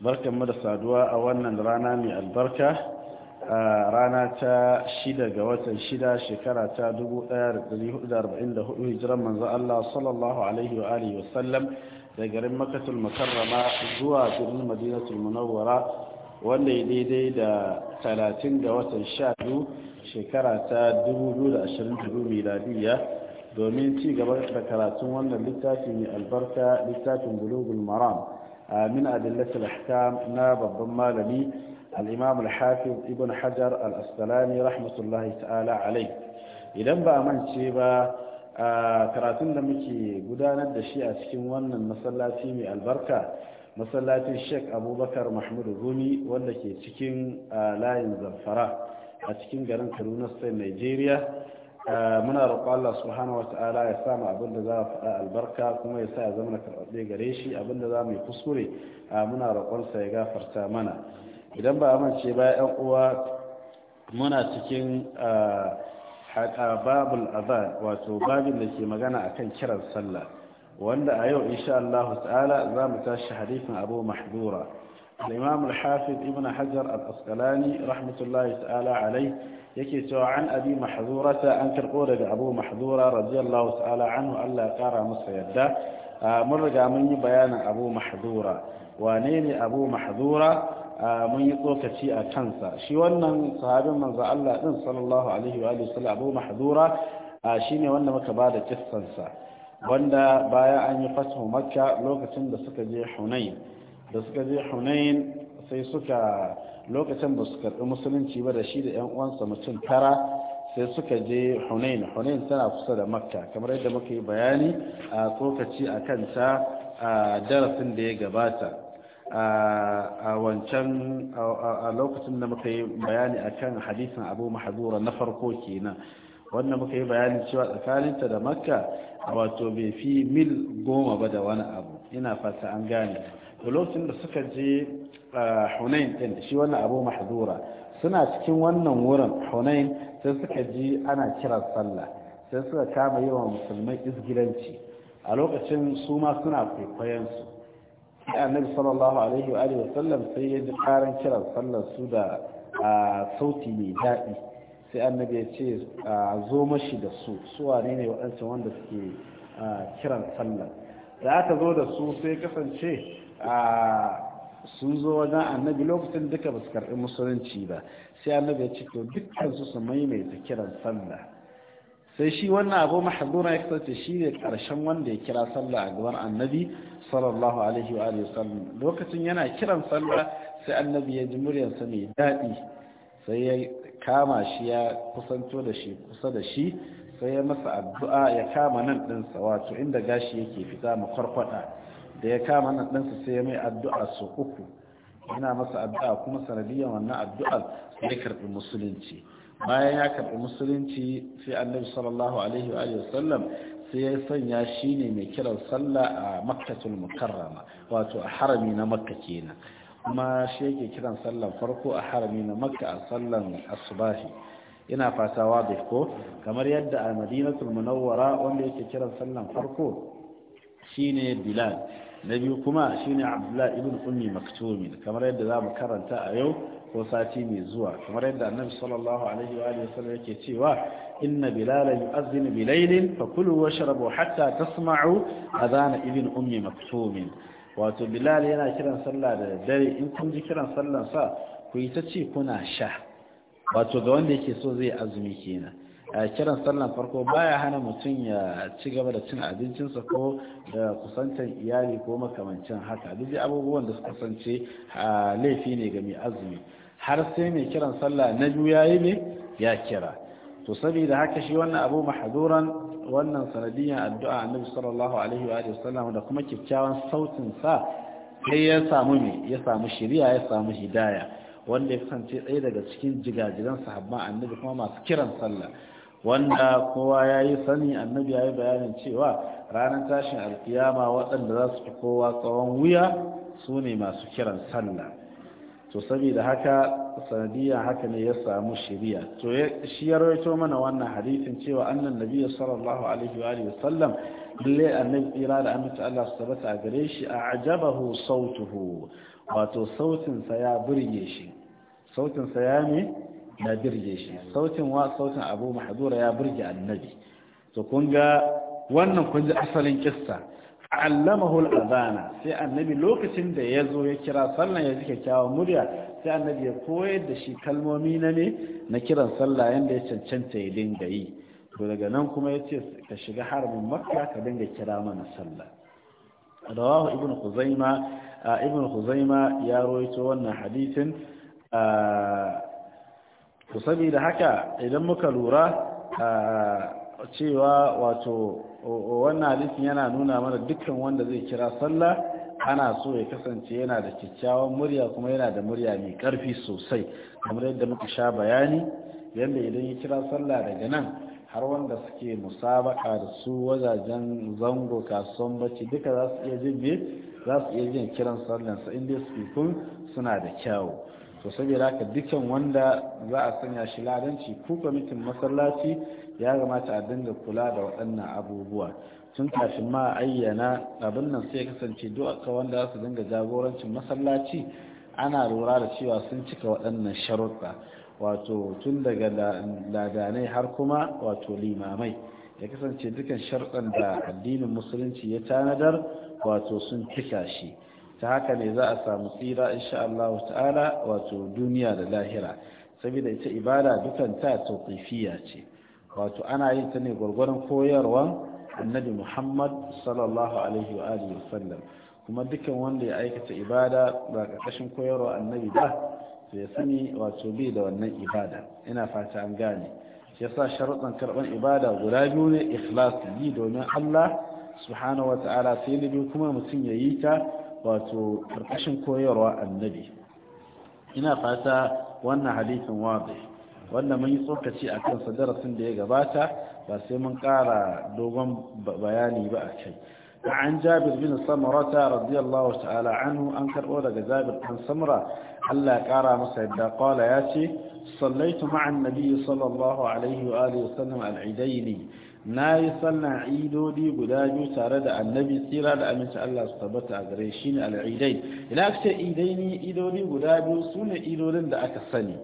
barkan mu da saduwa a wannan rana mai albarka a rana ta shida ga watan shida shekara ta 1444 hijiran manzo Allah sallallahu alaihi wa alihi wasallam da garin makatul makarrama zuwa birnin madinatul munawwara wanda ya daidai da 30 ga watan 12 shekara ta 2022 miladiyya domin ci gaba da karatun wannan littafin mai albarka littafin bulugul maram a adillatul ahkam na babban malami al-imam al-hafiz ibn hajar al-asqalani rahmatullahi ta'ala alai idan ba a mance ba a karatun da muke gudanar da shi a cikin wannan masallaci mai albarka masallacin sheik abubakar mahmud rumi wanda ke cikin layin zamfara a cikin garin kaduna state nigeria Eh, muna roƙo Allah subhanahu wata'ala ya sa mu abinda za mu faɗa albarka kuma ya sa ya zama karɓaɓɓe gare shi abinda za mu yi kuskure eh, muna sa ya gafarta mana idan ba amince ba ƴan uwa muna cikin eh, babul azan wato babin da ke magana akan kiran sallah wanda a yau insha Allah ta'ala za mu tashi hadisin Abu Mahdura الإمام الحافظ ابن حجر الأسقلاني رحمة الله تعالى عليه يكي عن أبي محذورة أنكر قولة أبو محذورة رضي الله تعالى عنه ألا قارى مصر يده مرقى مني بيان أبو محذورة ونيني أبو محذورة mun yi tsokaci a kansa shi wannan sahabin manzo Allah din sallallahu alaihi wa alihi sallam Mahdura shine wanda muka bada kissansa wanda bayan an yi fathu Makka lokacin da suka je Hunain da suka je hunain sai suka lokacin ba su karɓi musulunci ba da shi da yan uwansa mutum tara sai suka je hunain hunain tana kusa da makka kamar yadda muka yi bayani a tsokaci a kanta a darasin da ya gabata a wancan a lokacin da muka yi bayani a kan hadisin abu mahadura na farko kenan wannan muka yi bayani cewa tsakaninta da makka wato bai fi mil goma ba da wani abu ina fata an gane to lokacin da suka je hunain din shi wannan abu mahzura suna cikin wannan wurin hunain sai suka ji ana kiran sallah sai suka kama yi wa musulmai izgilanci a lokacin su ma suna kwaikwayon su annabi sallallahu alaihi wa alihi wasallam sai ya ji karan kiran sallar su da sauti mai daɗi sai annabi ya ce zo mashi da su su wane ne waɗancan wanda suke kiran sallar da aka zo da su sai kasance sun zo wajen annabi lokacin duka ba su karɓi musulunci ba sai annabi ya ce to su su maimaita kiran sallah sai shi wannan abu mahadura ya kasance shi ne ƙarshen wanda ya kira sallah a gaban annabi sallallahu alaihi wa sallam lokacin yana kiran sallah sai annabi ya ji muryarsa mai daɗi sai ya kama shi ya kusanto da shi kusa da shi sai ya masa addu'a ya kama nan ɗinsa wato inda gashi yake fita mu kwarkwata da ya kama nan ɗansa sai ya mai addu'a sau uku yana masa addu'a kuma sanadiyyar wannan addu'ar sai ya karɓi musulunci bayan ya karɓi musulunci sai annabi sallallahu alaihi wa sallam sai ya sanya shi ne mai kiran sallah a makkatul mukarrama wato a harami na makka kenan kuma shi yake kiran sallan farko a harami na makka a sallan asubahi ina fata da ko kamar yadda a madinatul munawwara wanda yake kiran sallan farko shine bilal na biyu kuma shine abdullahi ibn ummi maktumi kamar yadda za mu karanta a yau ko sati mai zuwa kamar yadda annabi sallallahu alaihi wa alihi wasallam yake cewa inna bilala yu'azzinu bilailin fakulu washrabu hatta tasma'u adhana ibn ummi maktumi wato bilal yana kiran sallah da dare in kun ji kiran sallan sa ku yi ta ce kuna sha wato ga wanda yake so zai azumi kenan a kiran sallan farko baya hana mutum ya ci gaba da cin abincinsa ko da kusantar iyali ko makamancin haka duk abubuwan da suka a laifi ne ga mai azumi har sai mai kiran sallah na biyu ya yi ne ya kira to saboda haka shi wannan abu mahduran wannan sanadiyan addu'a annabi sallallahu alaihi wa sallam da kuma kyakkyawan sautin sa sai ya samu ne ya samu shiriya ya samu hidaya wanda ya kasance tsaye daga cikin jigajigan sahabban annabi kuma masu kiran sallah wanda kowa ya yi sani annabi ya yi bayanin cewa ranar tashin alkiyama waɗanda za su fi kowa tsawon wuya su ne masu kiran sallah to saboda haka sanadiyya haka ne ya samu shiriya to shi ya rawaito mana wannan hadisin cewa annan nabi sallallahu alaihi wa alihi sallam lalle annabi tsira da amince Allah su tabbata a gare shi a ajabahu sautuhu wato sautin sa ya burge shi sautin sa ya ne na birge shi sautin wa sautin abu mahadura ya birge annabi to kun ga wannan kun ji asalin kissa allamahu al'azana sai annabi lokacin da ya zo ya kira sallan ya ji kyakkyawan murya sai annabi ya koyar da shi kalmomi na ne na kiran sallah yadda ya cancanta ya dinga yi to daga nan kuma ya ce ka shiga harbin makka ka dinga kira mana sallah rawahu ibn khuzaima ibn khuzaima ya roito wannan hadisin to saboda haka idan muka lura cewa wato wannan hadisin yana nuna mana dukkan wanda zai kira sallah ana so ya kasance yana da kyakkyawan murya kuma yana da murya mai karfi sosai kamar yadda muka sha bayani yadda idan ya kira sallah daga nan har wanda suke musabaka da su wajajen zango kasuwan bacci duka za su iya jin iya kiran sallansa inda su suna da kyawu to saboda haka dukkan wanda za a sanya shi ladanci ko kwamitin masallaci ya gamata a dinga kula da waɗannan abubuwa tun kafin ma ayyana abin nan sai kasance duk wanda za su dinga jagorancin masallaci ana lura da cewa sun cika waɗannan sharuɗa wato tun daga ladanai har kuma wato limamai ya kasance dukan sharɗan da addinin musulunci ya tanadar wato sun cika shi ta haka ne za a samu tsira insha Allah ta'ala wato duniya da lahira saboda ita ibada dukan ta tawqifiyya ce wato ana yin ta ne gurgurun koyarwa annabi Muhammad sallallahu alaihi wa alihi wasallam kuma dukan wanda ya aikata ibada ba karkashin koyarwa annabi ba to ya sani wato bi da wannan ibada ina fata an gane shi yasa sharuɗan karɓar ibada guda biyu ne ikhlas yi domin Allah subhanahu wa ta'ala sai ne kuma mutum ya yi ta wato karkashin koyarwa annabi ina fata wannan hadisin wadai wanda mun yi tsokaci a kansa darasin da ya gabata ba sai mun ƙara dogon bayani ba a kai عن جابر بن سمرة رضي الله تعالى عنه أنكر أولا جابر بن سمرة ألا كارى مسعدا قال ياتي صليت مع النبي صلى الله عليه وآله وسلم العيدين na yi sallan idodi guda biyu tare da annabi tsira da aminci Allah su tabbata a gare shi ne al'idai ina aka ce idai ne idodi guda biyu su ne idodin da aka sani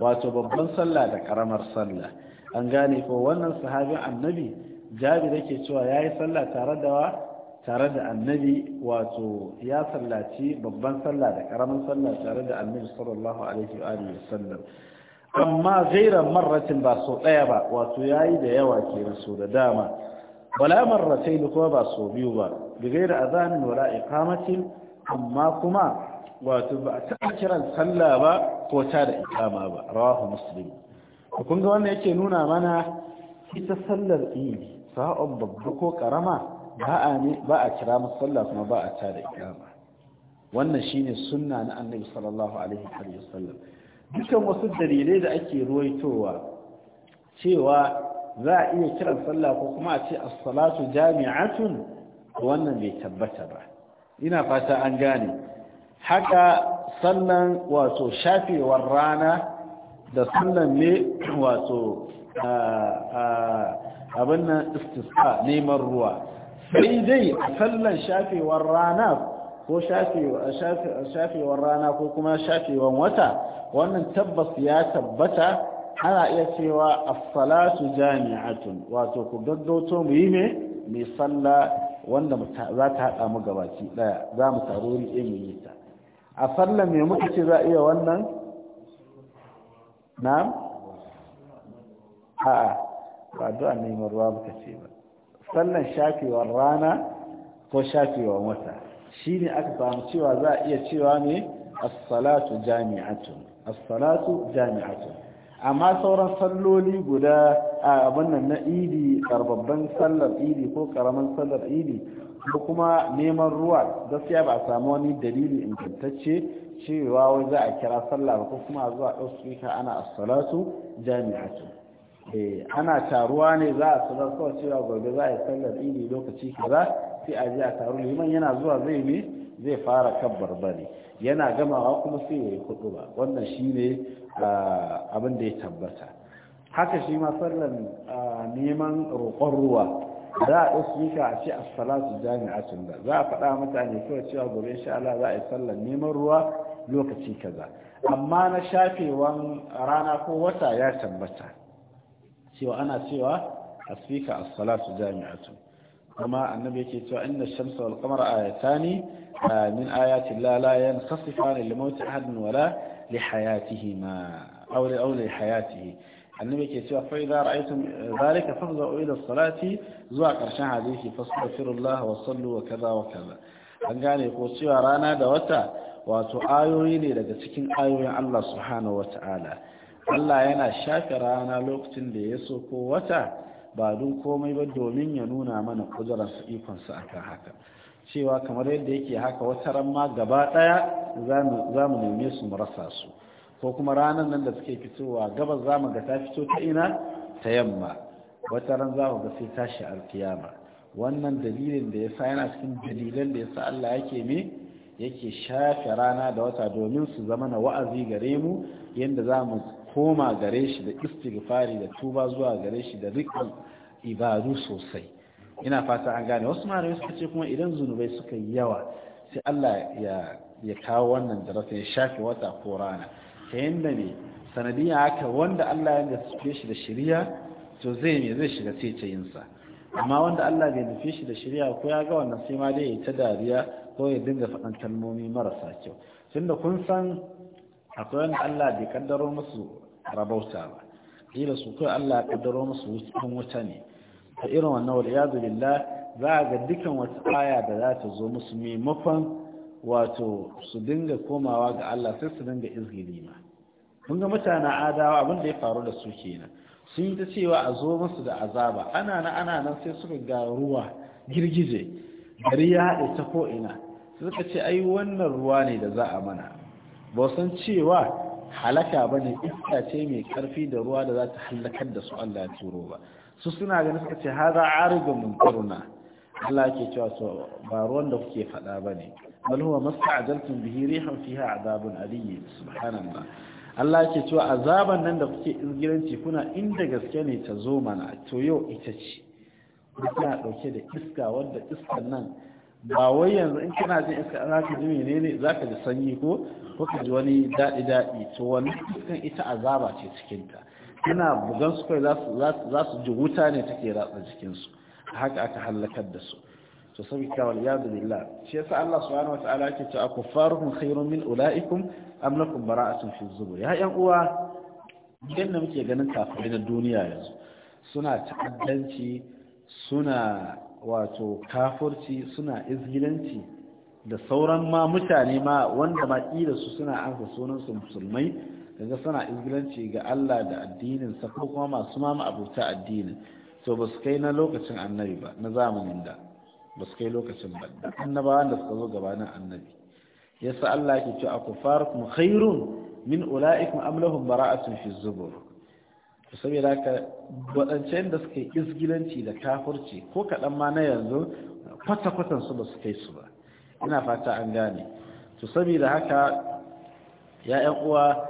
wato babban sallah da karamar sallah an gane ko wannan sahabin annabi jabi da ke cewa ya yi sallah tare da tare da annabi wato ya sallaci babban sallah da karamar sallah tare da annabi sallallahu alaihi wa sallam amma gaira marratin ba sau ɗaya ba wato ya yi da yawa ke rasu da dama bala marratai da kuma ba sau biyu ba da gaira azanin wala ikamatin amma kuma wato ba a kiran sallah ba ko ta da ikama ba rawahu muslim kun ga wannan yake nuna mana ita sallar iri sa'on babba ko karama ba a kira musalla kuma ba a ta da ikama wannan shine sunna na annabi sallallahu alaihi wa sallam dukan wasu dalilai da ake ruwaitowa cewa za a iya kiran sallah ko kuma a ce as-salatu jami'atun wannan bai tabbata ba ina fata an gane haka sannan wato shafewar rana da sannan ne wato abin nan istisqa neman ruwa sai dai a sallan shafewar rana ko shafewar rana ko kuma shafewar wata wannan tabbas ya tabbata ana iya cewa as-salatu jami'atun wato ku gaggauto mu yi me mai sallah wanda za ta haɗa mu gabaki ɗaya, za mu taro ni e mu yi ta a sallah me muka ce za iya wannan na a'a ba du'a neman ruwa muka ce ba sallan shafewar rana ko shafewar wata ne aka samu cewa za a iya cewa ne assalatu salatu jami'atun as jami'atun amma sauran salloli guda a nan na idi karbabban sallar idi ko karaman sallar idi ko kuma neman ruwa gaskiya ba a samu wani dalili ingantacce cewa wai za a kira sallah ko kuma zuwa ɗau suka ana assalatu jami'atu eh, ana taruwa ne za a sanar kawai cewa gobe za a yi sallar idi lokaci kaza sai a ji a taru liman yana zuwa zai ne zai fara kabbar bari yana gamawa kuma sai ya yi hudu ba wannan shi ne abin da ya tabbata haka shi ma sallan neman roƙon ruwa za a ɗauki ka a ce assalatu jami'atun da za a faɗa mutane kawai cewa gobe insha Allah za a yi sallan neman ruwa lokaci kaza amma na shafewan rana ko wata ya tabbata cewa ana cewa a sika assalatu jami'atun kuma annabi yake cewa inna shamsa wal qamara ayatani min ayati la la yanqasifani li mawti ahadin wala li hayatihima aw li aw li hayatihi annabi yake cewa fa idza ra'aytum eh, dhalika fafza'u ila salati zuwa karshen hadisi fastaghfirullah wa sallu wa kaza wa kaza an gane ko cewa rana da wata wato ayoyi ne daga cikin ayoyin Allah subhanahu wa ta'ala Allah yana shafe rana lokacin da ya so ko wata ba don komai ba domin ya nuna mana ikon ikonsa akan haka cewa kamar yadda yake haka wata ran ma gaba ɗaya za mu neme su mu rasa su ko kuma ranar nan da suke fitowa gabas za mu ga ta fito ta ina ta yamma wata ran za mu ga sai tashi alkiyama wannan dalilin da ya sa yana cikin dalilan da ya sa Allah yake me yake shafe rana da wata domin su zama na wa'azi gare mu yadda za mu koma gare shi da istighfari da tuba zuwa gare shi da riƙon ibadu sosai ina fata an gane wasu yi suka ce kuma idan zunubai suka yi yawa sai Allah ya kawo wannan rasa ya shafe wata ko rana ta yadda ne sanadiyya haka wanda Allah ya nufe shi da shirya to zai ne zai shiga sai yinsa amma wanda Allah bai nufe shi da shirya ko ya ga wannan sai ma dai ya ta dariya ko ya dinga faɗan kalmomi marasa kyau da kun san akwai wani Allah bai kaddaro musu rabauta ba kila su kai Allah ya kaddaro musu wutan wuta ne ta irin wannan wal iyadu billah za a ga dukkan wata aya da za ta zo musu maimakon wato su dinga komawa ga Allah sai su dinga izgili ma kun ga mutanen adawa abin da ya faru da su kenan sun yi ta cewa a zo musu da azaba ana nan ana nan sai suka ga ruwa girgije gari ya haɗe ta ko'ina suka ce ai wannan ruwa ne da za a mana ba san cewa halaka ba ne iska ce mai karfi da ruwa da za ta halakar da su Allah ya turo ba su suna ganin suka ce haza arigin munkaruna Allah ke cewa to ba ruwan da kuke faɗa ba ne bal huwa masta'ajaltum bihi rihan fiha adabun aliyyi subhanallah Allah ke cewa azaban nan da kuke izgiranci kuna inda gaske ne ta zo mana to yau ita ce kuna dauke da iska wanda iskan nan ba wai yanzu in kana jin iska za ka ji menene za ka ji sanyi ko ko ka ji wani daɗi daɗi to wani iskan ita azaba ce cikinta tana bugan su kai za su ji wuta ne take ratsa jikinsu haka aka halakar da su to sabita wal yadu billah shi yasa Allah subhanahu wa ta'ala yake cewa kuffarukum khairun min ulaikum am lakum bara'atun fi zubur ya yan uwa idan da muke ganin kafirai na duniya yanzu suna ta'addanci suna wato kafurci suna izgilanci da sauran ma mutane ma wanda ma ƙila su suna anka sunansu musulmai daga suna izgilanci ga Allah da addinin sa ko kuma masu ma abuta addinin so ba su kai na lokacin annabi ba na zamanin da ba su kai lokacin ba da annabawan da suka zo gabanin annabi yasa Allah ke ce a kufarukum khairun min ula'ikum am bara'atun fi zubur saboda haka waɗancan da suka yi izgilanci da kafurci ko kaɗan ma na yanzu kwata-kwatan su ba su kai su ba ina fata an gane to saboda haka ya ‘yan uwa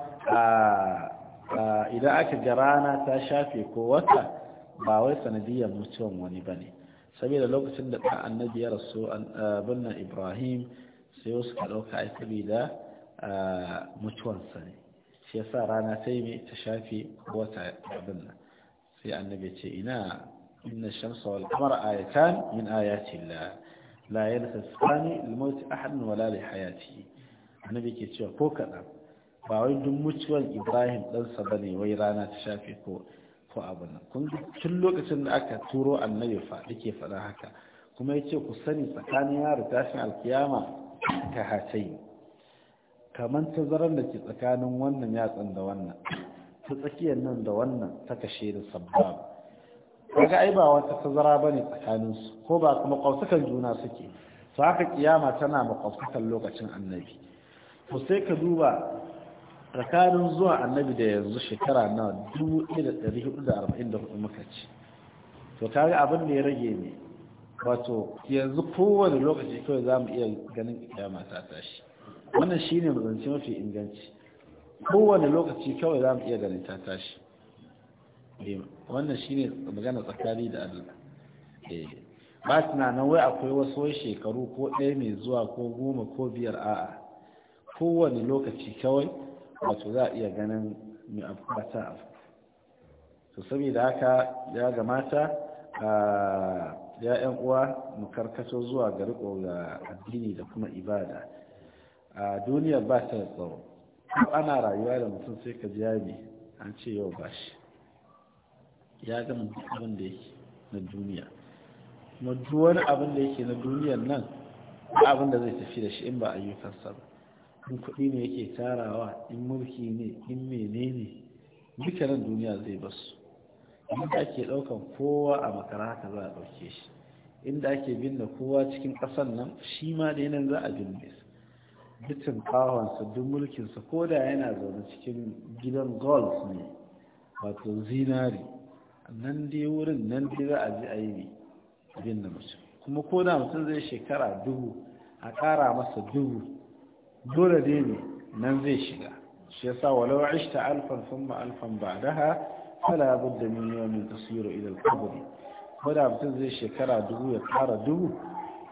idan aka ga rana ta shafe ko wata ba wai sanadiyar mutuwan wani ba ne saboda lokacin da ɗan annabi ya rasu birnin ibrahim sai wasu ka ɗauka ai saboda mutuwansa ne shi yasa rana sai mai ta shafe wata abin nan sai annabi ce ina inna shamsa wal qamara ayatan min ayati llah la yaltasani lil maut wala li hayati annabi ke cewa ko kaɗan ba wai duk mutuwar ibrahim ɗansa ba ne wai rana ta shafe ko ko abin nan kun tun lokacin da aka turo annabi fa ke faɗa haka kuma ya ce ku sani tsakanin yaro tashin alkiyama ta hatayi kamar tazarar da ke tsakanin wannan yatsan da wannan ta tsakiyar nan da wannan ta kashe da sabbab kaga ai ba wata tazara bane tsakanin su ko ba kuma juna suke to haka kiyama tana makwafsukan lokacin annabi to sai ka duba tsakanin zuwa annabi da yanzu shekara na 1444 muka ce to kaga abin da ya rage ne wato yanzu kowane lokaci kawai za mu iya ganin kiyama ta tashi wannan shi ne mazanci mafi inganci kowane lokaci kawai za mu iya ganin ta tashi eh, wannan shi ne magana tsakari da allah eh, ba tunanin wai akwai wasu shekaru ko ɗaya mai zuwa ko goma ko biyar a'a kowane lokaci kawai wato za a iya ganin mai abubuwa ta abu to saboda haka ya gamata a ya'yan uwa mu karkato zuwa ga riko ga addini da kuma ibada a duniya ba ta da Ko ana rayuwa da mutum sai ka ji an ce yau ba shi ya gama abin da yake na duniya kuma duk wani abin da yake na duniyan nan abin da zai tafi da shi in ba ayyukansa ba in kuɗi ne yake tarawa in mulki ne in menene duka nan duniya zai basu inda ake ɗaukan kowa a makara haka za a ɗauke shi inda ake binne kowa cikin ƙasar nan shi ma dai nan za a binne su bitin cinkawonsa duk mulkinsa ko da yana zaune cikin gidan gold ne wato zinari nan dai wurin nan dai za a ji a yi bin da mutum kuma ko da mutum zai shekara dubu a ƙara masa dubu dole dai ne nan zai shiga shi yasa walau ishta alfan summa alfan ba'daha fala budda min yawmin tasiru ila al-qabr ko da mutum zai shekara dubu ya kara dubu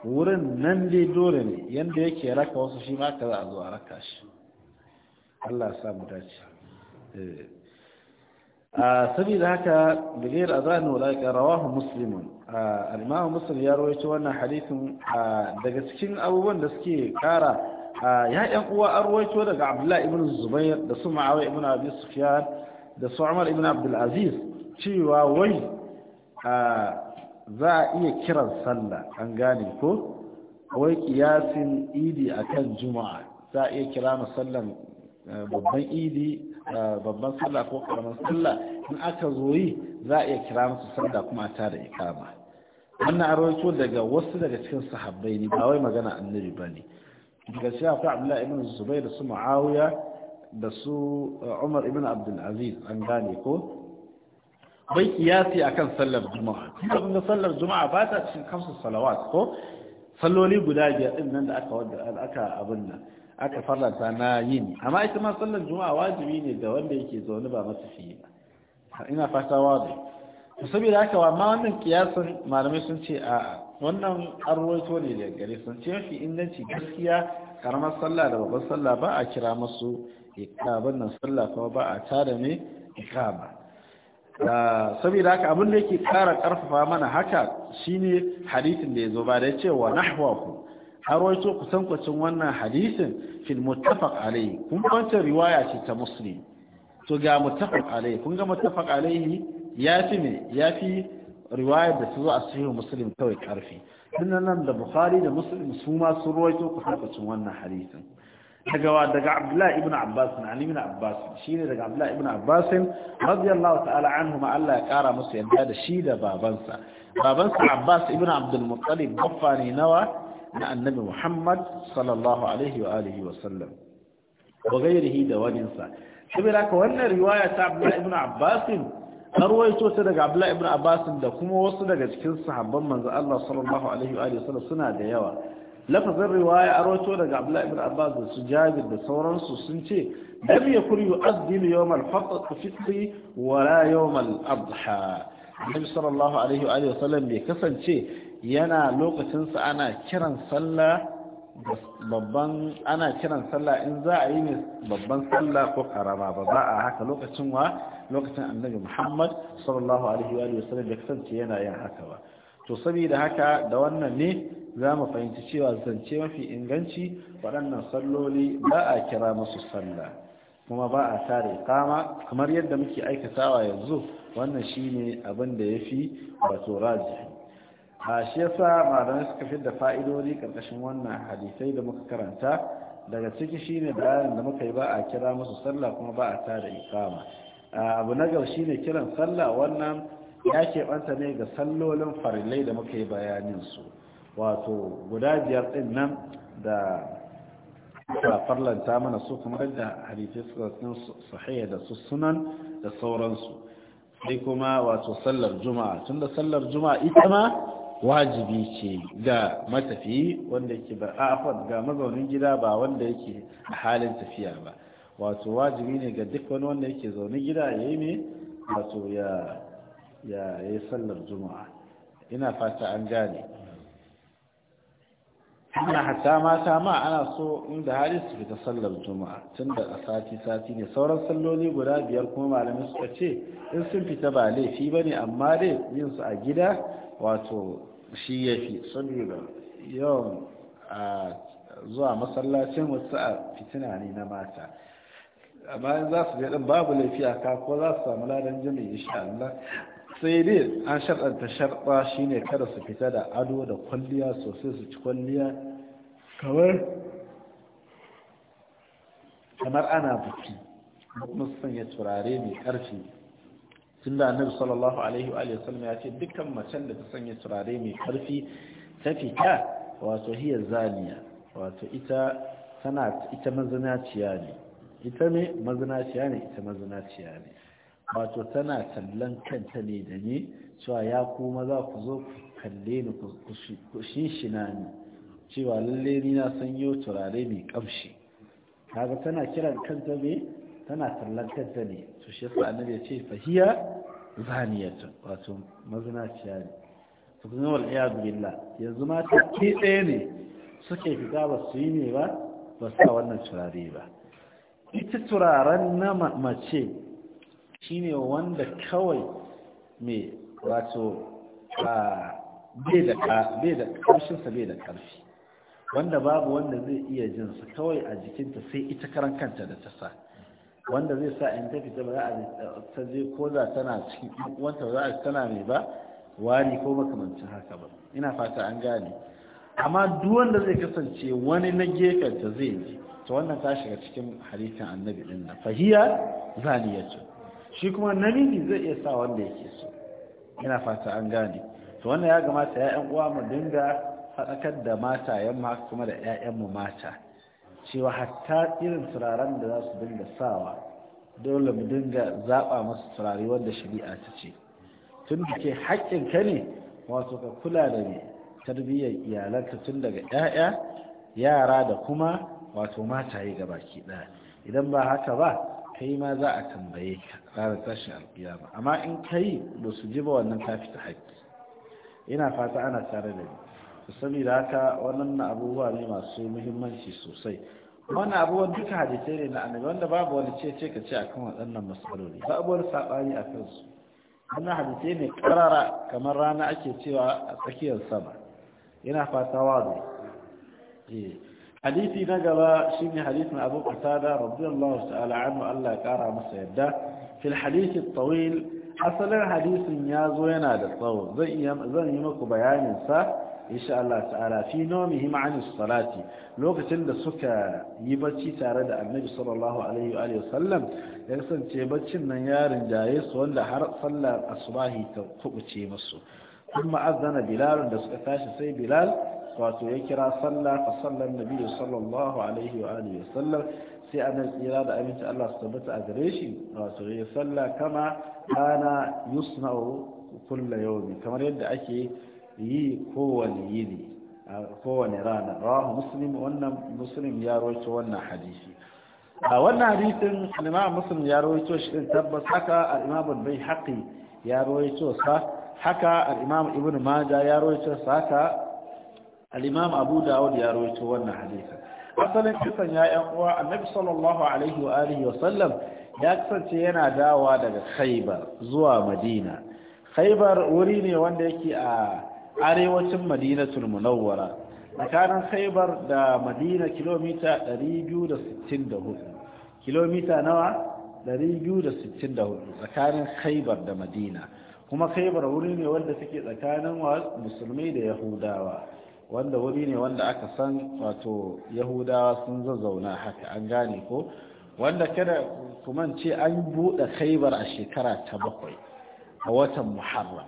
wurin nan dai dole ne yadda yake raka wasu shi ma ka za a zo a raka shi Allah ya samu dace eh. a saboda haka bigayar azan wala ka rawahu muslimun al-imam muslim ya rawaito wannan hadisin daga cikin abubuwan da suke kara ya yan uwa an rawaito daga abdullahi ibn zubair da su ma'awai ibn abi sufyan da su umar ibn abdul cewa wai za a iya kiran sallah an gane ko wai kiyasin idi a kan juma'a za a iya kira musallan eh, babban idi eh, babban sallah ko karamin sallah in aka zoyi za a iya kira masu sallah kuma a tara ikama wannan a rawaito daga wasu daga cikin sahabbai ne ba wai magana annabi ba ne daga shi akwai abdullahi ibn zubai da su ma'awuya da su eh, umar ibn abdul aziz an gane ko bai kiyasi akan sallar juma'a kuma sallar juma'a ba ta cikin kamsu salawat ko salloli guda biyar din nan da aka wanda aka abin nan aka farlanta na yin amma ita ma sallar juma'a wajibi ne da wanda yake zaune ba masa fiye ba ina fata wazi to saboda haka wa ma wannan kiyasin malamai sun ce a wannan arwaito ne da gare sun ce mafi inganci gaskiya karamar sallah da babbar sallah ba a kira masu ikaba nan sallah kuma ba a tara ne ikaba Ah, saboda haka abin da yake kara karfafa mana haka shine hadisin da ya zo ba da ya ce wa cewa har harwaito kusan kwacin wannan hadisin fil muttafaq alayhi kun kwanta riwaya ce ta muslim to ga muttafaq alayhi kun ga muttafaq alayhi ne ya fi riwayar da ta zo a sahih muslim kawai karfi dinnan nan da bukhari da muslim su ma sun rawaito kusan kwacin wannan hadisin daga daga Abdullahi ibn Abbas na Ali ibn Abbas shine daga Abdullahi ibn Abbas radiyallahu ta'ala anhuma Allah ya kara musu yadda da shi da babansa babansa Abbas ibn Abdul Muttalib baffa nawa na Annabi Muhammad sallallahu alaihi wa alihi wa sallam wa gairihi da waninsa saboda ka wannan riwaya ta Abdullahi ibn Abbas arwaito ta daga Abdullah ibn Abbas da kuma wasu daga cikin sahabban manzo Allah sallallahu alaihi wa sallam suna da yawa lafazin riwaya a rawato daga abdullahi ibn abbas da su jabir da sauransu sun ce lam yakun yu'addilu yawm al-fitr wa la yawm al-adha annabi sallallahu alaihi wa sallam wasallam bai kasance yana lokacin sa ana kiran sallah babban ana kiran sallah in za a yi ne babban sallah ko karama ba ba a haka lokacin wa lokacin annabi muhammad sallallahu alaihi wa sallam. wasallam bai kasance yana yin haka ba to saboda haka da wannan ne za mu fahimci cewa zance mafi inganci waɗannan salloli ba a kira musu sallah kuma ba a tare kama kamar yadda muke aikatawa yanzu wannan shi ne abin da ya fi wato raji a shi sa, malamai suka fi da fa'idodi ƙarƙashin wannan hadisai da muka karanta daga ciki ne bayan da muka yi ba a kira musu sallah kuma ba a tare ikama abu na gaba ne kiran sallah wannan ya keɓanta ne ga sallolin farillai da muka yi bayaninsu. su wato guda biyar din nan da ba farlanta mana su kamar da hadisi suka sun da su sunan da sauransu sai kuma wato sallar juma'a tun da sallar juma'a ita ma wajibi ce ga matafiyi wanda yake ba afon ga mazaunin gida ba wanda yake a halin tafiya ba wato wajibi ne ga duk wani wanda yake zaune gida ya yi ne wato ya yi sallar juma'a ina fata an gane ana hatta mata ma ana so inda hali su fita sallar juma'a tun da a sati sati ne sauran salloli guda biyar kuma malamai suka ce in sun fita ba laifi ba ne amma dai yin su a gida wato shi ya fi saboda yawan a zuwa masallacin wasu a fitina ne na mata amma za su je babu laifi a kako za su samu ladan jami'i insha Allah sai dai an sharɗanta sharɗa shine kada su fita da ado da kwalliya sosai su ci kwalliya kamar kamar ana buki kuma ya sanya turare mai ƙarfi tun da annabi sallallahu alaihi wa sallam ya ce dukkan macen da ta sanya turare mai ƙarfi ta fita wato hiya zaniya wato ita tana ita mazinaciya ne ita ne mazinaciya ne ita mazinaciya ne wato tana tallan kanta ne da ne cewa ya kuma za ku zo ku kalle ni ku na ni cewa lalle ni na sanyo turare mai kamshi kaga tana kiran kanta ne tana tallan kanta ne to shi yasa annabi ya ce fahiya zaniyatu wato mazinaciya ne to kuma wal iyad billah yanzu ma ta ki tsaye ne suke fita ba su yi ne ba ba sa wannan turare ba ita turaren na mace shine wanda kawai mai wato bai da ƙarfi wanda babu wanda zai iya jin su kawai a jikinta sai ita karan kanta da ta sa wanda zai sa in ta fita ba za a ta je ko za tana cikin uwanta ba za a tana mai ba wani ko makamancin haka ba ina fata an gane amma duk wanda zai kasance wani na gefen ta zai ji to wannan ta shiga cikin halittar annabi din nan fahiya zaniyatu shi kuma namiji zai iya sa wanda yake so ina fata an gane to wannan ya gamata ya yan uwa mu dinga faɗakar da mata yamma kuma da 'ya'yanmu mata cewa hatta irin turaren da za su dinga sawa dole mu dinga zaɓa masu turare wanda shari'a ta ce tun da ke haƙƙinka ne wato ka kula da ne tarbiyyar iyalanka tun daga 'ya'ya yara da kuma wato mata yi gaba gabaki ɗaya idan ba haka ba kai ma za a tambaye ka ranar tashin alƙiyama amma in kai ba su ji ba wannan ta fita haƙƙi ina fata ana tare da ni saboda haka wannan abubuwa ne masu muhimmanci sosai wannan abubuwan duka hadisai ne na annabi wanda babu wani ce ce ka ce akan waɗannan matsaloli babu wani saɓani a kansu wannan hadisai ne ƙarara kamar rana ake cewa a tsakiyar sama yana fata wazo eh, hadisi na gaba shine hadisin abu qatada radiyallahu ta'ala anhu Allah ya kara masa yadda fil hadisi tawil asalin hadisin ya zo yana da tsawo zan yi maku bayanin sa insha Allah ta'ala fi nawmihim an salati lokacin da suka yi bacci tare da Annabi sallallahu alaihi wa sallam ya kasance baccin nan yarin jaye su wanda har sallar asubahi ta kubuce musu kuma azana bilal da suka tashi sai bilal wato ya kira sallah fa sallan nabi sallallahu alaihi wa wa sallam sai annabi tsira da aminci Allah su tabbata a gare shi wato ya sallar kama kana yusna'u kulla yawmi kamar yadda ake yi kowane yini kowane rana rahu muslim wannan muslim ya rawaito wannan hadisi a wannan hadisin imam muslim ya rawaito shi din tabbas haka al-imam al-baihaqi ya rawaito sa haka al-imam ibn majah ya rawaito sa haka al-imam abu dawud ya rawaito wannan hadisin asalin kisan ya yan uwa annabi sallallahu alaihi wa alihi wa sallam ya kasance yana dawa daga khaybar zuwa madina khaybar wuri ne wanda yake a arewacin madinatul munawwara tsakanin khaibar da madina kilomita 264 kilomita nawa 264 tsakanin khaibar da madina kuma khaibar wuri ne wanda suke tsakanin musulmi da yahudawa wanda wuri ne wanda aka san wato yahudawa sun zazzauna haka an gane ko wanda kada kuma ce an buɗe khaibar a shekara ta bakwai a watan muharram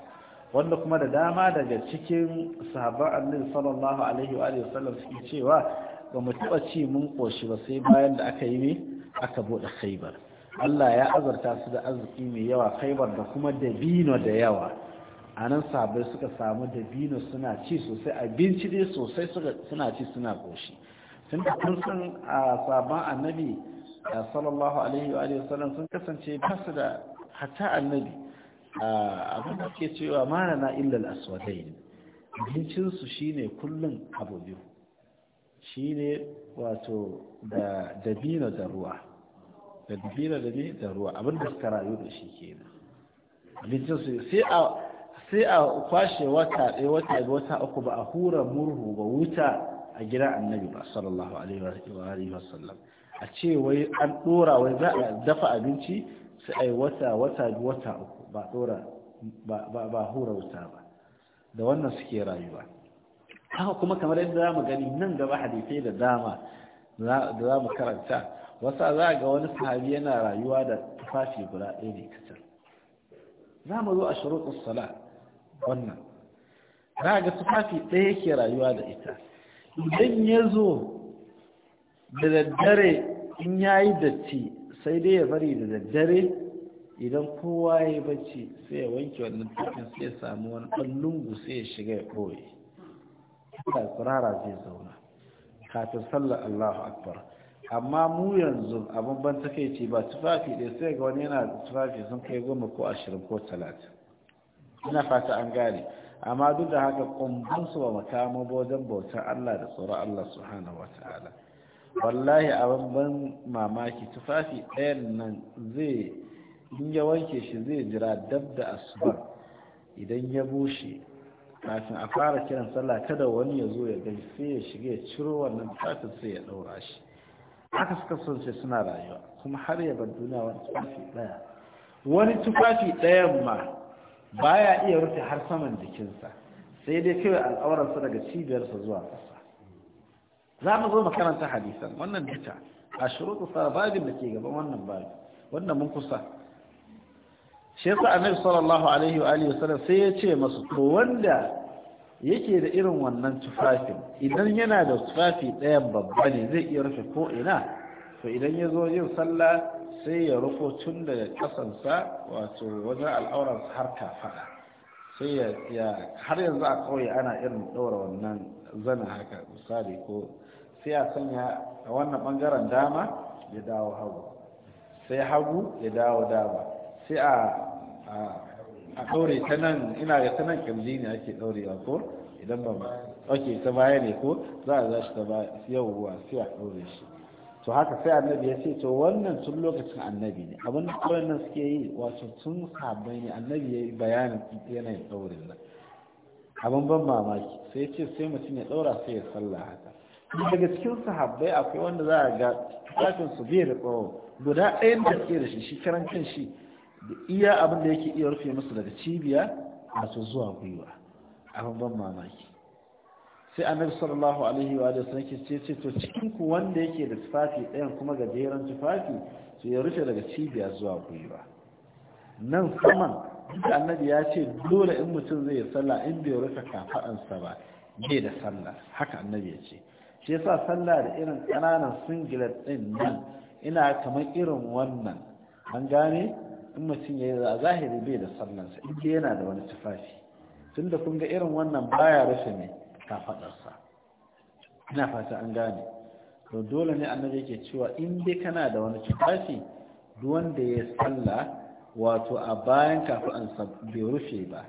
wanda kuma da dama daga cikin sahabban annin sallallahu alaihi wa sallam suke cewa ba mu taba ci mun koshi ba sai bayan da aka yi ne aka bude khaybar Allah ya azarta su da arziki mai yawa khaybar da kuma dabino da yawa anan sahabbai suka samu dabino suna ci sosai abinci dai sosai suna ci suna koshi sun kun san a sabon annabi sallallahu alaihi wa sallam sun kasance ba su da hatta annabi Ah, abin da ke cewa mana na illal aswadai abincinsu shi ne kullum abu biyu Shi ne wato da dabino da ruwa da dabino da ne da ruwa abin da suka rayu da shi ke nan. abincinsu sai a sai a kwashe wata ɗaya wata ɗaya wata uku ba a hura murhu ba wuta a gidan annabi ba sallallahu alaihi wa sallam a ce wai an ɗora wai za a dafa abinci sai a yi wata wata wata uku ba hura wuta ba da wannan suke rayuwa haka kuma kamar yadda za mu gani nan gaba hadisai da dama da za mu karanta wasa za ga wani sahabi yana rayuwa da tufafi guda ɗaya ne kacal za mu zo a shuruɗin sala wannan za ga tufafi ɗaya yake rayuwa da ita idan ya zo da daddare in ya yi datti sai dai ya bari da daddare idan kowa ya yi bacci sai ya wanke wannan tufafin sai ya samu wani ɗan lungu sai ya shiga ya ɓoye da tsirara zai zauna kafin sallar allahu akbar amma mu yanzu abin ban takaici ba tufafi ɗaya sai ga wani yana tufafi sun kai goma ko ashirin ko talatin ina fata an gane amma duk da haka ƙumbinsu ba makama wajen bautar allah da tsoron allah subhanahu wa ta'ala wallahi abin ban mamaki tufafi ɗayan nan zai in ya wanke shi zai jira dab da asubar idan ya bushe kafin a fara kiran sallah kada wani ya zo ya gani sai ya shiga ya ciro wannan tufafin sai ya ɗaura shi haka suka son suna rayuwa kuma har ya bar duniya wani tufafi ɗaya wani tufafi ɗayan ma baya iya rufe har saman jikinsa sai dai kawai al'aurarsa daga cibiyarsa zuwa ƙasa za mu zo makaranta hadisan wannan duka a shuruɗu sa babin da ke gaban wannan babin wannan mun kusa shi yasa annabi sallallahu alaihi wa alihi wasallam sai ya ce masu to wanda yake da irin wannan tufafi idan yana da tufafi ɗaya babba ne zai iya rufe ko ina to idan ya zo yin sallah sai ya rufo tun daga kasansa wato wajen al'auran har kafaɗa sai ya har yanzu a kauye ana irin ɗora wannan zana haka misali ko sai a sanya a wannan bangaren dama ya dawo hagu sai hagu ya dawo dama sai a a ɗaure ta nan ina ga ta nan kirji ne ake ɗaurewa ko idan ba ma ok ta baya ne ko za a shi ta baya ruwa sai a ɗaure shi to haka sai annabi ya ce to wannan tun lokacin annabi ne abin da kawai nan suke yi wato tun sabai ne annabi ya yi bayanin yanayin ɗaurin nan abin ban mamaki sai ya ce sai mutum ya ɗaura sai ya salla haka daga cikin sahabbai akwai wanda za a ga tufafin su bai da tsawo guda ɗayan da ke da shi shi karan kan shi da iya abin da yake iya rufe musu daga cibiya masu zuwa gwiwa a ban mamaki sai annabi sallallahu alaihi wa sallam yake ce ce to cikin ku wanda yake da tufafi ɗayan kuma gajeren tufafi to ya rufe daga cibiya zuwa gwiwa nan saman duk annabi ya ce dole in mutum zai yi sallah in bai rufe kafaɗansa ba bai da sallah haka annabi ya ce shi yasa sallah da irin ƙananan singlet ɗin nan ina kamar irin wannan an gane in mutum ya yi a zahiri bai da sallansa inda yana da wani tufafi tun da kun ga irin wannan baya rufe ne ta faɗarsa. ina fata an gane to dole ne annabi yake cewa in dai kana da wani tufafi wanda ya sallah wato a bayan kafaɗarsa bai rufe ba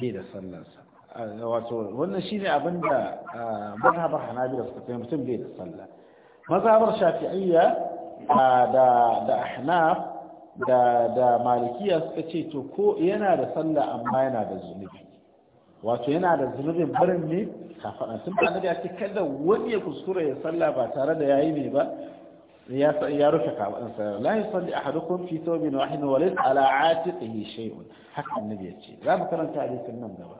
bai da sallansa wato wannan ne abin da mazhabar da suka mutum bai da sallah mazhabar shafi'iyya da da ahnaf da da malikiya suka ce to ko yana da sallah amma yana da zunubi wato yana da zunubin barin ne kafaɗa sun ba da ce kada wani ya kuskura ya sallah ba tare da yayi ne ba ya ya rufe kafaɗansa la yusalli ahadukum fi thawbin wahidin wa laysa ala atiqihi shay'un haka annabi ya ce za mu karanta hadisin nan gaba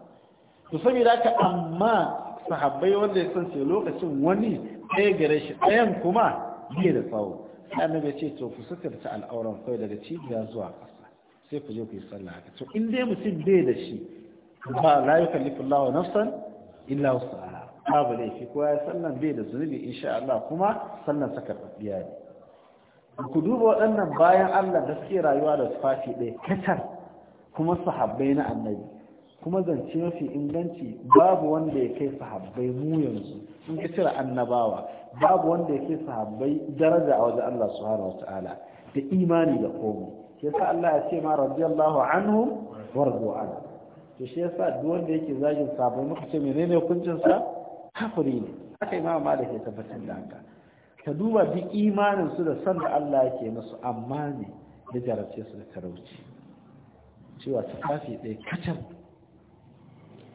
to saboda haka amma sahabbai wanda ya san sai lokacin wani ɗaya gare shi ɗayan kuma bai da tsawo annabi ya ce to ku suturta al'auran kai daga cibiya zuwa ƙasa sai ku je ku yi sallah haka to in dai mutum bai da shi ba la yukallifu Allahu nafsan illa wus'aha babu laifi ko ya sallan bai da zunubi insha Allah kuma sallan saka biya ne ku duba waɗannan bayan Allah da suke rayuwa da tufafi ɗaya katar kuma sahabbai na annabi kuma zance mafi inganci babu wanda ya kai sahabbai mu yanzu in ka cire annabawa babu wanda ya kai sahabbai daraja a wajen Allah subhanahu wataala da imani da komo yasa Allah ya ce ma radiyallahu anhum wa an to shi yasa duk wanda yake zagin sabon muka ce menene kuncin sa kafiri ne haka imam malik ya tabbatar da haka ka duba duk imanin su da san da Allah yake musu amma ne da jarabce su da talauci cewa tufafi ɗaya kacal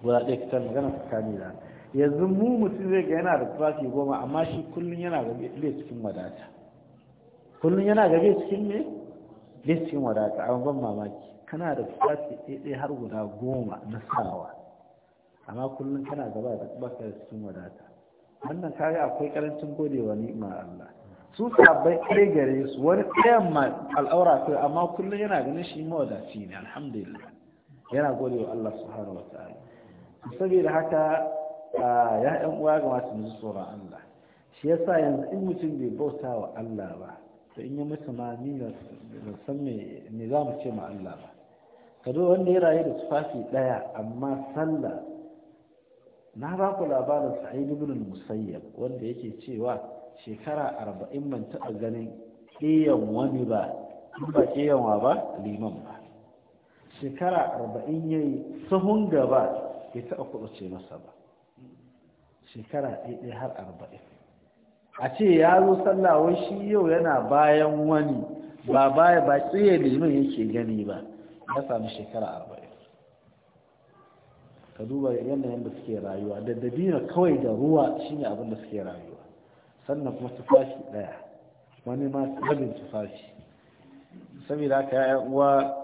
guda ɗaya fitar magana tsakani da yanzu mu mutum zai ga yana da tufafi goma amma shi kullum yana gabe bai cikin wadata kullum yana gabe cikin me ɗaya cikin wadata a ban mamaki kana da tufafi ɗaya har guda goma na sawa amma kullum kana gaba da baka da cikin wadata wannan kare akwai karancin godewa ni'ima Allah su sabai ɗaya gare su wani ɗayan ma al'aura kai amma kullum yana ganin shi mawadaci ne alhamdulillah yana godewa Allah subhanahu wa ta'ala saboda haka ya uwa ga masu nuzu tsoron Allah shi yasa yanzu in mutum bai bauta wa Allah ba to in yi mutu ma ni na san me za mu ce ma Allah ba ka zo wanda ya rayu da tufafi ɗaya amma sallah na ba ku labarin sa'id ibn musayyab wanda yake cewa shekara arba'in ban taɓa ganin ƙiyan wani ba in ba ƙiyanwa ba liman ba shekara arba'in yayi sahun gaba bai taɓa ce masa ba shekara ɗaiɗai har arba'in a ce ya zo sallawar shi yau yana bayan wani ba baya ba tsaye liman yake gani ba ya sami shekara arba'in ka duba yanayin da suke rayuwa da dabina kawai da ruwa shine abin da suke rayuwa sannan kuma tufafi ɗaya wani ma rabin tufafi saboda haka ya uwa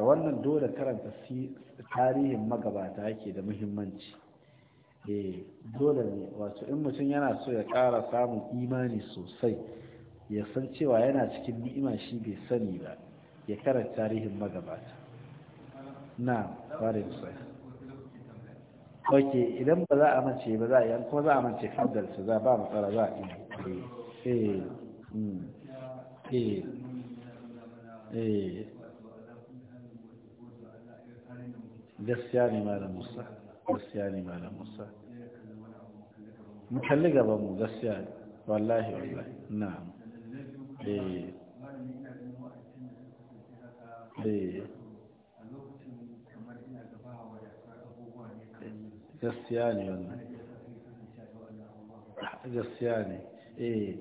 wannan dole karanta tarihin magabata yake da muhimmanci eh dole ne wato in mutum yana so ya ƙara samun imani sosai ya san cewa yana cikin ni'ima shi bai sani ba ya karanta tarihin magabata na su sai ok idan ba za a mace ba za a yan kuma za a mace su za ba matsala za a yi eh eh hmm. eh, eh. gaskiya ne malam musa gaskiya ne malam musa mu kalli gaban mu gaskiya wallahi wallahi na'am eh. eh gaskiya ne wannan gaskiya ne eh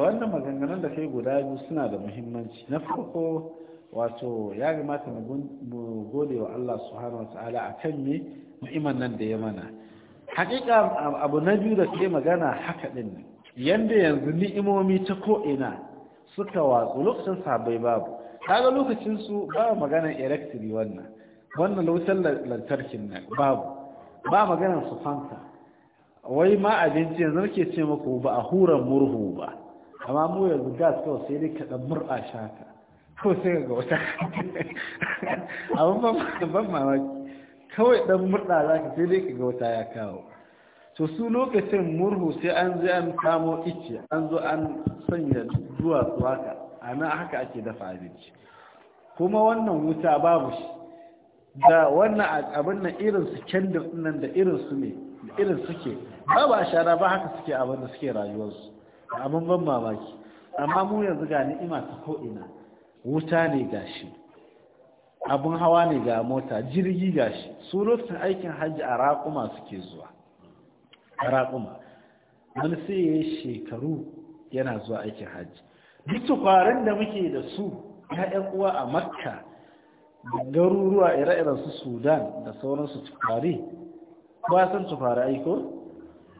wannan maganganun da kai guda biyu suna da muhimmanci na farko wato ya mata mu gode wa Allah subhanahu wa ta'ala akan mu iman nan da ya mana hakika abu na biyu da ke magana haka din yanda yanzu ni'imomi ta ko'ina, suka watsu lokacin sabai babu kaga lokacin su ba magana electric wannan wannan lokacin lantarkin nan babu ba maganar su fanta wai ma abinci yanzu nake ce muku ba a huran murhu ba amma mu yanzu gas kawai sai dai kaɗan mur'a shaka ko sai ga wata abin ban mamaki kawai dan murda za ka sai dai ka ga wata ya kawo to su lokacin murhu sai an zai an kamo ice an zo an sanya duwatsu haka a nan haka ake dafa abinci kuma wannan wuta babu shi da wannan abin nan irin su kendir nan da irin su ne da irin suke ba ba shara ba haka suke abin da suke rayuwarsu abin ban mamaki amma mu yanzu ga ni'ima ta ko'ina wuta ne gashi abin hawa ne ga mota jirgi gashi su lokacin aikin hajji a raƙuma suke zuwa a raƙuma wani sai ya yi shekaru yana zuwa aikin hajji duk tukwarin da muke da su ya'yan uwa a makka garuruwa ire-iren su sudan da sauransu tukwari ba san tukwari aiko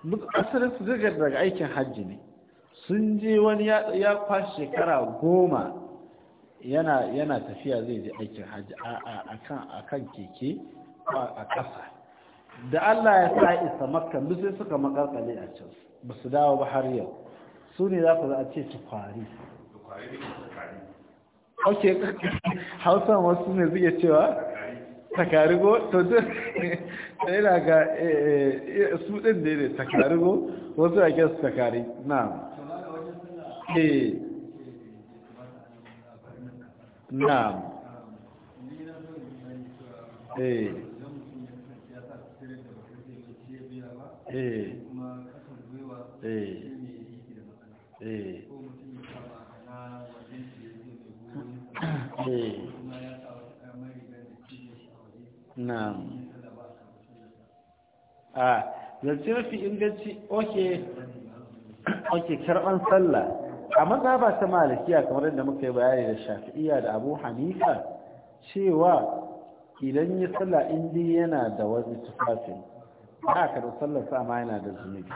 duk asirin su daga aikin hajji ne sun je wani ya kwashe shekara goma yana yana tafiya zai je aikin hajji a kan keke a ƙasa da Allah ya sa isa makka sai suka makarkale a can ba su dawo ba har yau su ne za ku za a ce tukwari ok Hausa wasu ne zai cewa takarigo to duk yana ga eh, eh, eh, su ɗin ne takarigo wasu ake su takari na eh na eh eh eh eh na'am ah zance mafi inganci oke oke karban sallah a mazaba ta malakiya kamar yadda muka yi bayani da shafi'iya da abu hanifa cewa idan ya tsalla indi yana da wani tufafi ba a sallar sama yana da zunubi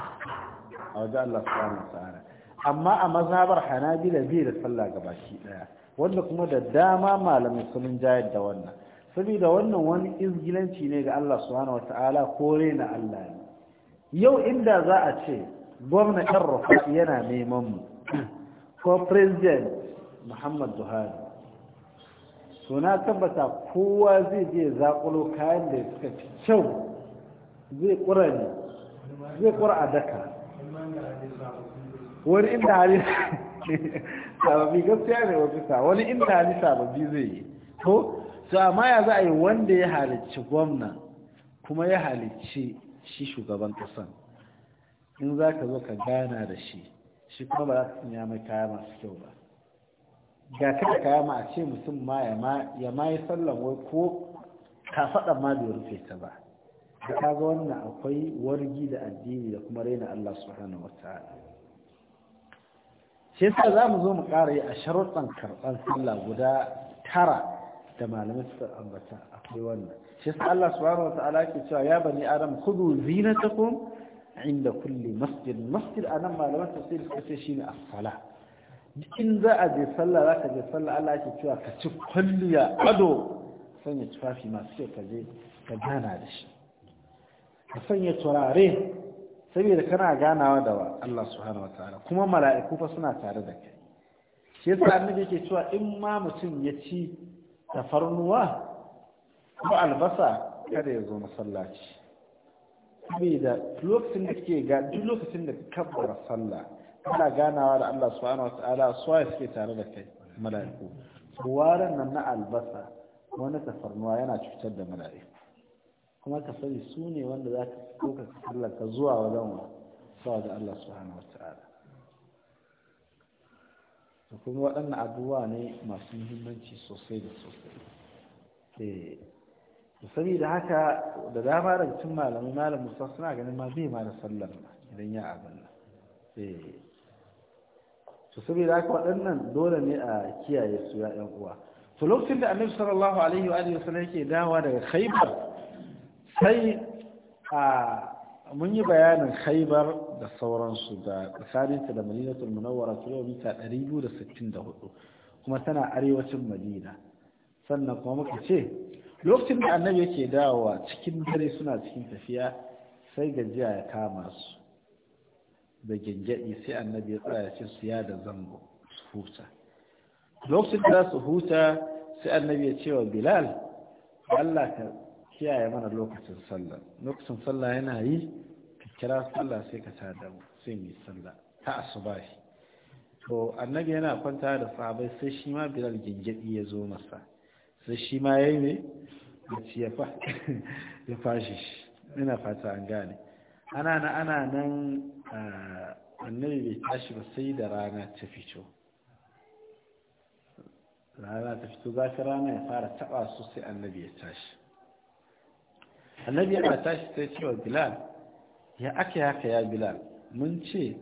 a wajen Allah subhanahu tsara amma a mazabar hanabila bai da sallah gabaki daya wanda kuma da dama malamin sunan jayar da wannan saboda wannan wani izgilanci ne ga Allah subhanahu wataala kore na Allah ne yau inda za a ce gwamnatin rufa yana neman mu ko president muhammad buhari to na tabbata kowa zai je zaƙulo kayan da suka fi kyau zai ƙura ne zai ƙura a daka wani inda hali sababi gaskiya ne wafisa wani inda hali sababi zai yi to su amma ya za a yi wanda ya halicci gwamna kuma ya halicci shi shugaban ƙasan in za ka zo ka gana da shi shi kuma ba za su sanya mai kaya masu kyau ba ga kada kaya ma a ce mutum ma ya ma yi sallan wai ko faɗa ma bai rufe ta ba da ka ga wannan akwai wargi da addini da kuma raina Allah subhanahu wa ta'ala shi yasa za mu zo mu ƙara yi a sharuɗan karɓar sallah guda tara da malamai suka ambata akwai wannan shi yasa Allah subhanahu wa ta'ala ke cewa ya bani adam kudu zinatakum inda kulle masjid masjid a nan malaman tafsir suka ce shine as-sala in za a je sallah za ka je sallah Allah yake cewa ka ci kulliya ado sanya tufafi masu kyau ka je ka gana da shi ka sanya turare saboda kana ganawa da Allah subhanahu wataala kuma mala'iku fa suna tare da kai shi yasa annabi yake cewa in ma mutum ya ci tafarnuwa ko albasa kada ya zo masallaci saboda lokacin da kake ga duk lokacin da ka sallah kana ganawa da Allah subhanahu wataala suwaye suke tare da kai mala'iku waran nan na albasa wani tafarnuwa yana cutar da mala'iku kuma ka sani su ne wanda za ka ɗauka sallah ka zuwa wajen wa sawa da Allah subhanahu ta'ala kuma waɗannan abubuwa ne masu muhimmanci sosai da sosai eh. saboda haka da dama daga cikin malamai malam musa suna ganin ma bai ma da sallar idan ya abin nan eh. to saboda haka waɗannan dole ne a kiyaye su ya ɗan uwa to lokacin da annabi sallallahu alaihi wa sallam yake dawa daga khaybar sai a mun yi bayanin khaybar da sauransu da tsakaninta da madinatul munawwara kilomita 264 kuma tana arewacin madina sannan kuma muka ce lokacin da annabi yake dawowa cikin dare suna cikin tafiya sai gajiya ya kama su da gyangyaɗi sai annabi ya tsaya ce su ya da zango su huta lokacin da su huta sai annabi ya ce wa bilal Allah ka kiyaye mana lokacin sallah lokacin sallah yana yi ka kira sallah sai ka tada mu sai mu sallah ta asubahi to annabi yana kwanta da sahabbai sai shi ma bilal gyangyaɗi ya zo masa sai shi ma ya yi ne ya fashe shi ina fata an gane ana na ana nan annabi bai tashi ba sai da rana ta fito rana ta fito za ta rana ya fara taba su annabi ya tashi annabi ya tashi sai cewa bilal ya aka haka ya bilal mun ce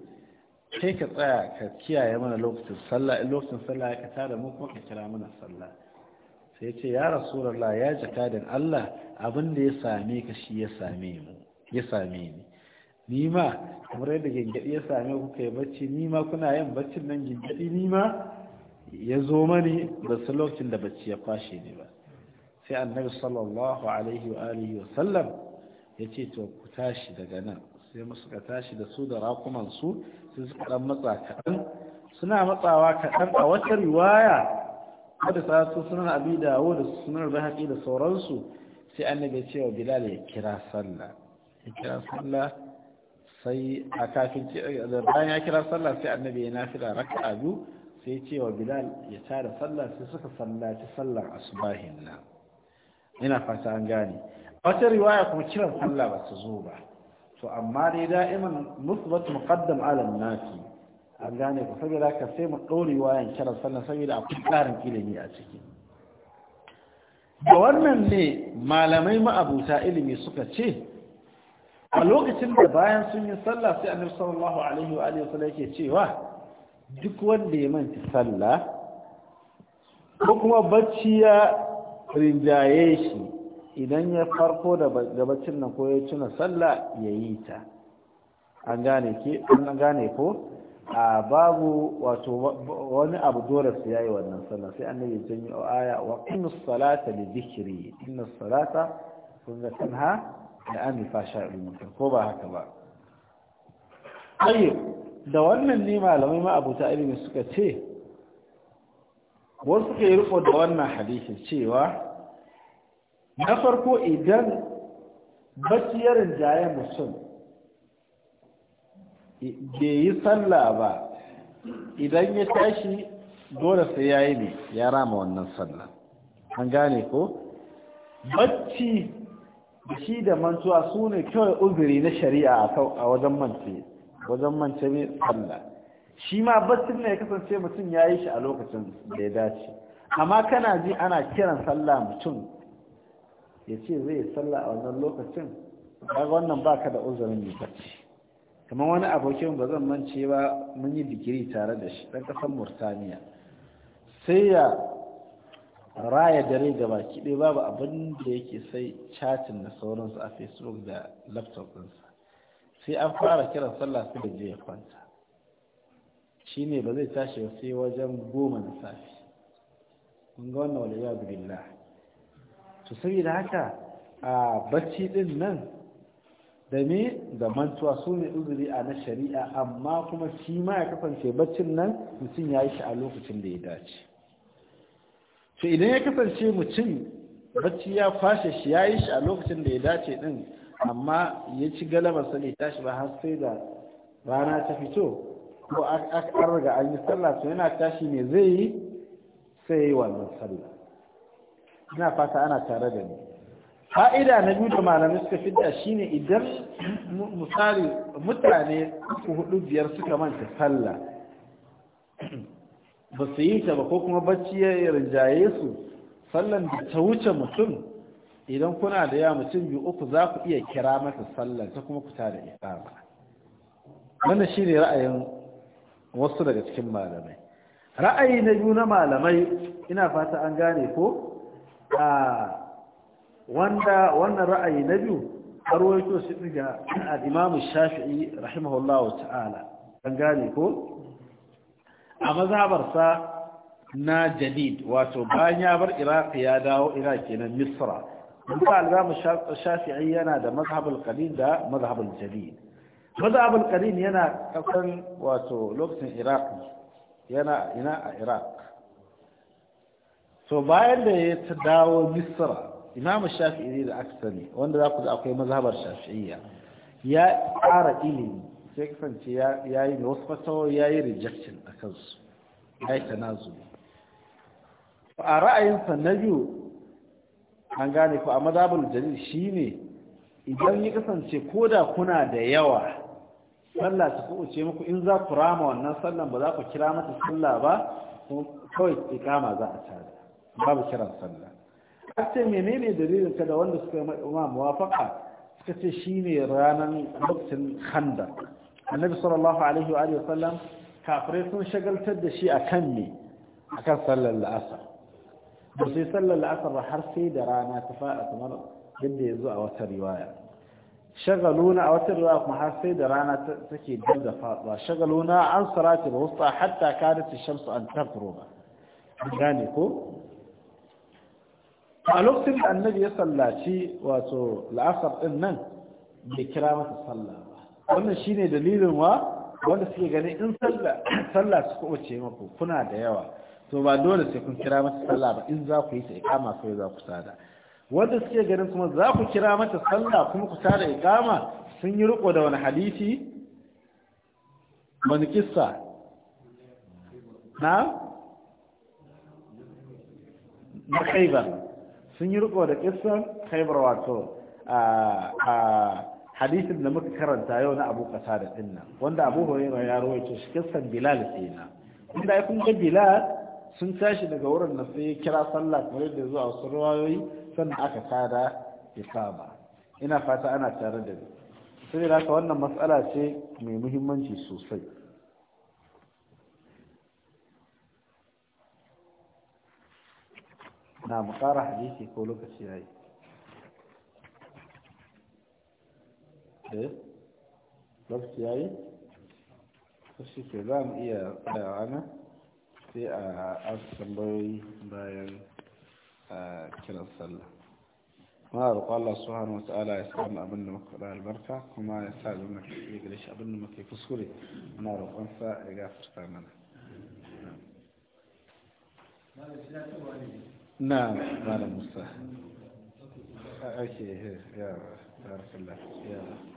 kai ka tsaya ka kiyaye mana lokacin sallah in lokacin sallah ka tada mu kuma ka kira mana sallah sai ce ya rasulallah ya jaka dan Allah abin da ya same ka shi ya same ni ni ma kamar yadda gingadi ya same ku kai bacci ni ma kuna yin baccin nan gingadi ni ma ya zo mani ba su lokacin da bacci ya kwashe ni ba sai annabi sallallahu alaihi wa alihi wa sallam ya ce to ku tashi daga nan sai suka tashi da su da rakuman su sai suka dan matsa kaɗan suna matsawa kaɗan a wata riwaya wadda ta su sunan abi da wadda sunan bahaki da sauransu sai annabi ce wa bilal ya kira sallah ya kira sallah sai a kafin bayan ya kira sallah sai annabi ya nafila raka'a biyu sai ya ce wa bilal ya tada sallah sai suka sallaci sallar asubahin nan ina fata an gane a wata riwaya kuma kiran sallah ba su zo ba to amma dai da'iman musbat muqaddam ala nafi an gane ku saboda ka sai mu ɗore wayan kiran sannan saboda akwai ƙarin ilimi a ciki da wannan ne malamai ma'abuta ilimi suka ce a lokacin da bayan sun yi sallah sai annabi sallallahu alaihi wa alihi wasallam yake cewa duk wanda ya manta sallah ko kuma bacci ya rinjaye shi idan ya farko da baccin nan ko ya tuna sallah ya yi ta an gane ke an gane ko a babu wato wani abu dole su yayi wannan sallah sai annabi janyo aya wa inna salata li dhikri inna salata kunna ga tanha da an fasha mutum ko ba haka ba ayyub da wannan ne malamai ma ta ilimi suka ce wasu ke riko da wannan hadisi cewa na farko idan bacciyar jaye musulmi bai yi sallah ba idan ya tashi dole sai ya yi ne ya rama wannan sallah an gane ko bacci da shi da mantuwa su ne kawai uzuri na shari'a a wajen mance wajen mance mai sallah shi ma baccin ne ya kasance mutum ya yi shi a lokacin da ya dace amma kana ji ana kiran sallah mutum ya ce zai sallah a wannan lokacin kaga wannan baka da uzurin yi bacci kamar wani abokin ba zan mance ba mun yi digiri tare da shi ɗan ƙasar murtaniya sai ya raya dare da baki ɗaya babu abin da yake sai chatin da sauransu a facebook da laptop ɗinsa sai an fara kiran sallah su da je ya kwanta shi ne ba zai tashi sai wajen goma da safi kun ga wannan waliyar billah to saboda haka a bacci ɗin nan da me da mantuwa su ne uzuri a na shari'a amma kuma shi ma ya kasance baccin nan mutum ya yi shi a lokacin da ya dace to idan ya kasance mutum bacci ya fashe shi ya yi shi a lokacin da ya dace din amma ya ci galabarsa ne tashi ba har sai da rana ta fito ko an riga an yi sallah to yana tashi ne zai yi sai ya yi wannan sallah ina fata ana tare da ni fa'ida na biyu da malamai suka fi shi ne idan misali mutane uku hudu biyar suka manta sallah ba su yi ta ba ko kuma bacci ya rinjaye su sallan da ta wuce mutum idan kuna da yawa mutum biyu uku za ku iya kira masa sallan ta kuma kuta da isama wannan ne ra'ayin wasu daga cikin malamai ra'ayi na biyu na malamai ina fata an gane ko a ah, wanda wannan ra'ayi na biyu har wato su daga al-Imam Shafi'i rahimahullahu ta'ala an gane ko a mazhabarsa na jadid wato bayan ya bar Iraq ya dawo Iraq kenan Misra duka al-Imam Shafi'i yana da mazhabul qadim da mazhabul jadid mazhabul qadim yana kasan wato lokacin Iraq yana ina a Iraq To bayan da ya dawo Misra imam shafi'i da aksani wanda za ku da akwai mazhabar shafi'iyya ya ƙara ilimi sai kasance ya yi da wasu fasawo ya yi rejection a kansu ya yi tanazuli a ra'ayinsa na biyu an gane ku a mazhabar jalil shi ne idan ya kasance ko da kuna da yawa sallah ta uce muku in za ku rama wannan sallan ba za ku kira mata sallah ba kawai ikama za a tada babu kiran sallah ce menene dalilin ka da wanda suka ma muwafaqa suka ce shine ranan lokacin khanda annabi sallallahu alaihi wa alihi wasallam kafirai sun shagaltar da shi akan ne akan sallar la'asar ba sai sallar la'asar ba har sai da rana ta fara kamar yadda yazo a wata riwaya shagaluna a wata riwaya kuma har sai da rana take dab da shagaluna an sarati ba wasu hatta kadat ta shamsu an tafruba gane ko a lokacin da annabi ya sallaci wato la'asar din nan bai kira masa sallah ba wannan shine dalilin wa wanda suke ganin in sallah su kuma ce maku kuna da yawa to ba dole sai kun kira mata sallah ba in za ku yi ta ikama sai za ku sada wanda suke ganin kuma za ku kira mata sallah kuma ku sada ikama sun yi riko da wani hadisi wani kissa na na ba. sun yi riko da kissan khaybar wato a hadisin da muka karanta yau na abu kasa da dinna wanda abu hurairah ya rawaito shi kissan bilal kenan inda ya kun ga bilal sun tashi daga wurin da sai kira sallah kamar da zuwa wasu ruwayoyi sannan aka tara isaba ina fata ana tare da ni sai haka wannan matsala ce mai muhimmanci sosai na mu ƙara hadisi ko lokaci ya yi eh? lokaci ya yi shi ke za mu iya tsayawa ana sai a asu tambayoyi bayan kiran sallah muna roƙo Allah subhanahu wa ta'ala ya sa mu abin da muka faɗa albarka kuma ya sa zama ke iya gare shi abin da muka yi kuskure muna roƙon sa ya gafarta mana. Malam shi na cewa ne na malam musa ake ah, yawa barakallah yawa